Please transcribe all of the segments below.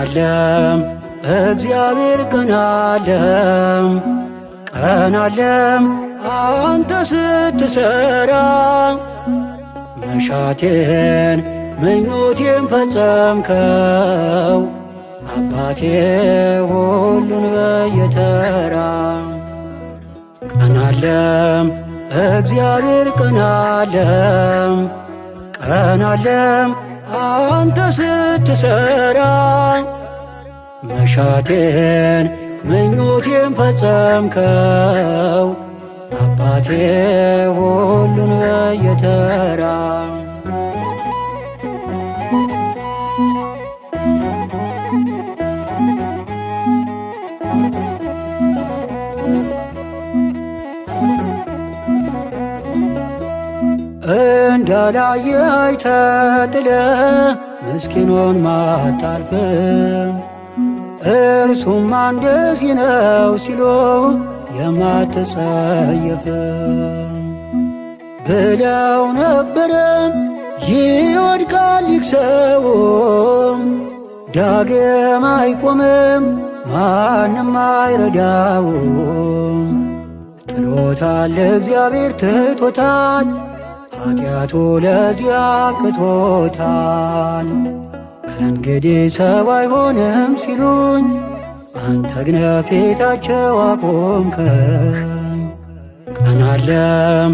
ቀናለም እግዚአብሔር ቀናለም ቀናለም አንተ ስትሰራ መሻቴን ምኞቴን ፈጸምከው አባቴ ሁሉን በየተራ ቀናለም እግዚአብሔር ቀናለም ቀናለም አንተ ስትሰራ መሻቴን ምኞቴን ፈጸምከው አባቴ ሁሉን በየተራ እንዳላየ አይተጥለ ምስኪኑን ማታልፍ እርሱም እንደዚህ ነው ሲሉ የማትጸየፍ ብለው ነበረ። ይወድቃል ይህ ሰው ዳግም አይቆምም፣ ማንም አይረዳውም። ጥሎታል እግዚአብሔር ትቶታል ኃጢአቱ ለዲያቅቶታል ከእንግዲህ ሰው አይሆንም ሲሉኝ አንተ ግን ፊታቸው አቆምከኝ። ቀናለም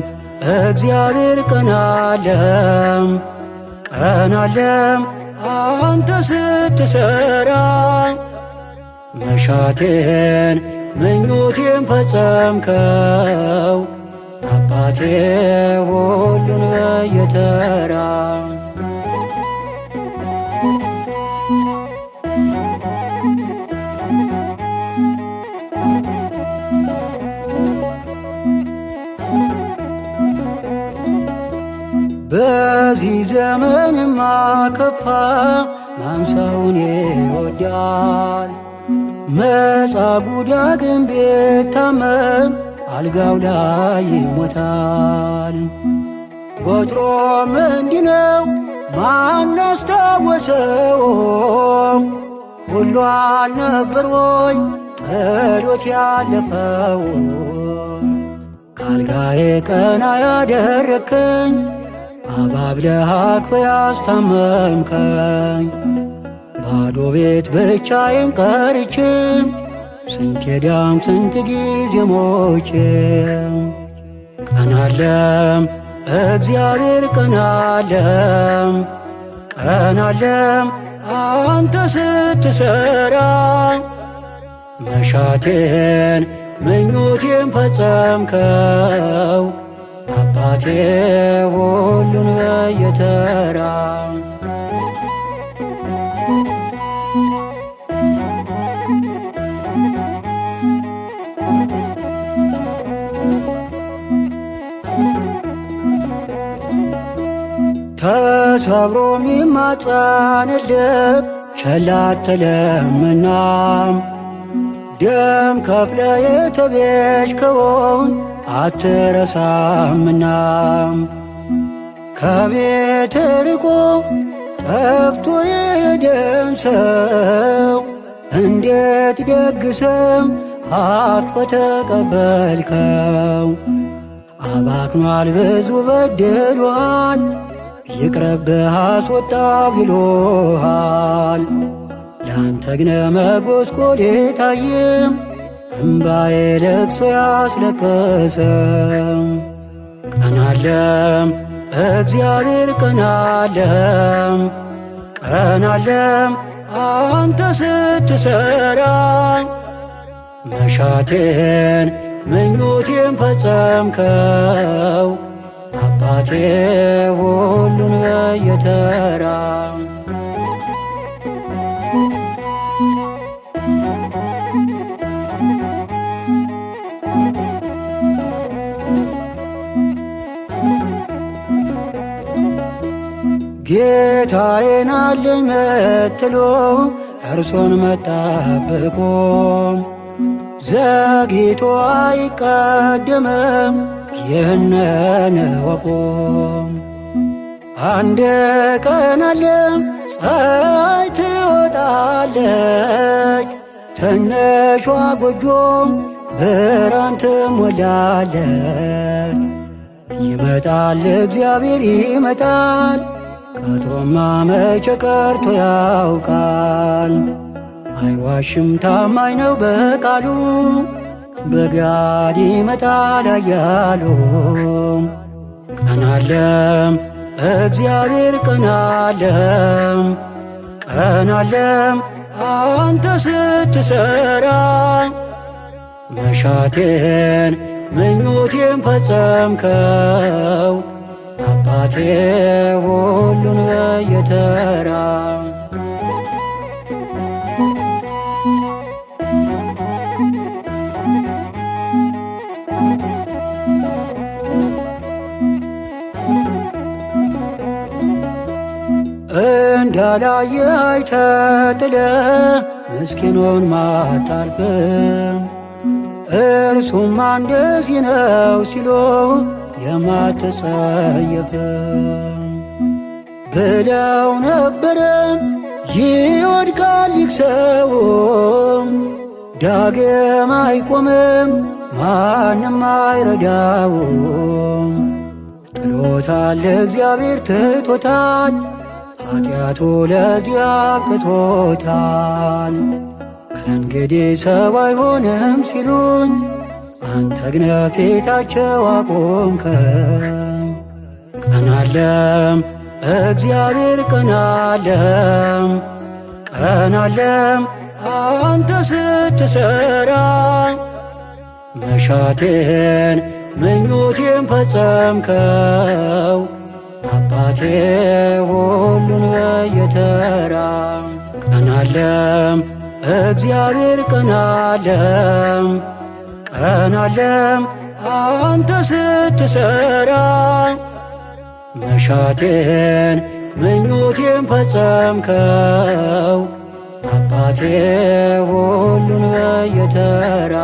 እግዚአብሔር ቀናለም ቀናለም አንተ ስትሰራ መሻቴን ምኞቴን ፈጸምከው አባቴ በየተራ በዚህ ዘመንማ ከፋ ማምሳውን ይወዳል መጻጉ ዳግም ቢታመም አልጋው ላይ ይሞታል። ወትሮም እንዲህ ነው ማን ሁሉ አልነበር ወይ ጥሎት ያለፈው ካልጋዬ ቀና ያደረከኝ አባብለህ አቅፈህ ያስታመምከኝ ባዶ ቤት ብቻዬን ቀርቼም ስንት ዳም ስንት ጊዜ ሞቼም ቀናለም እግዚአብሔር ቀናለም ቀናለም አንተ ስትሰራ መሻቴን ምኞቴን ፈጸምከው አባቴ ሁሉን በየተራ ተሰብሮ የሚማፀን ልብ ደም ከፍለ የተቤዥከውን አትረሳምና ከቤት ርቆ ጠፍቶ የሄደም ሰው እንዴት ደግሰም አቅፈ ተቀበልከው። አባክኗል ብዙ በድሏል ይቅረብህ አስወጣ ብሎሃል ለአንተ ግነ መጎስቆዴ ታየም እምባዬ ለቅሶ ያስለቀሰም ቀናለም እግዚአብሔር ቀናለም ቀናለም አንተ ስትሰራ መሻቴን ምኞቴን ፈጸምከው ጠላቴ ሁሉን በየተራ ጌታዬን አለኝ መትሎ እርሶን መጣበቆ ዘግይቶ አይቀድምም ይህንን ወቁ አንድ ቀን አለ ፀሐይ ትወጣለች፣ ትንሿ ጎጆ ብርሃን ትሞላለች። ይመጣል እግዚአብሔር ይመጣል፣ ቀጥሮማ መቼ ቀርቶ ያውቃል። አይዋሽም ታማኝ ነው በቃሉ በጋድ ይመጣል አያሉ ቀናለም እግዚአብሔር ቀናለም ቀናለም አንተ ስትሰራ መሻቴን ምኞቴን ፈጸምከው አባቴ ሁሉን በየተራ ላይ አይተጥለ ምስኪኑን ማታልፍ እርሱም እንደዚህ ነው ሲሎ የማትጸየፍ ብለው ነበረ ይወድቃል ይህ ሰው ዳግም አይቆምም ማንም አይረዳው ጥሎታል እግዚአብሔር ትቶታል ኃጢአቱ ለዚያ ከእንግዲህ ሰው አይሆንም ሲሉኝ አንተ ግነ ፊታቸው አቆምከ ቀናለም እግዚአብሔር ቀናለም ቀናለም አንተ ስትሰራ መሻቴን ምኞቴን ፈጸምከው። አባቴ ሁሉን በየተራ ቀናለም እግዚአብሔር ቀናለም ቀናለም አንተ ስትሰራ መሻቴን ምኞቴን ፈጸምከው አባቴ ሁሉን በየተራ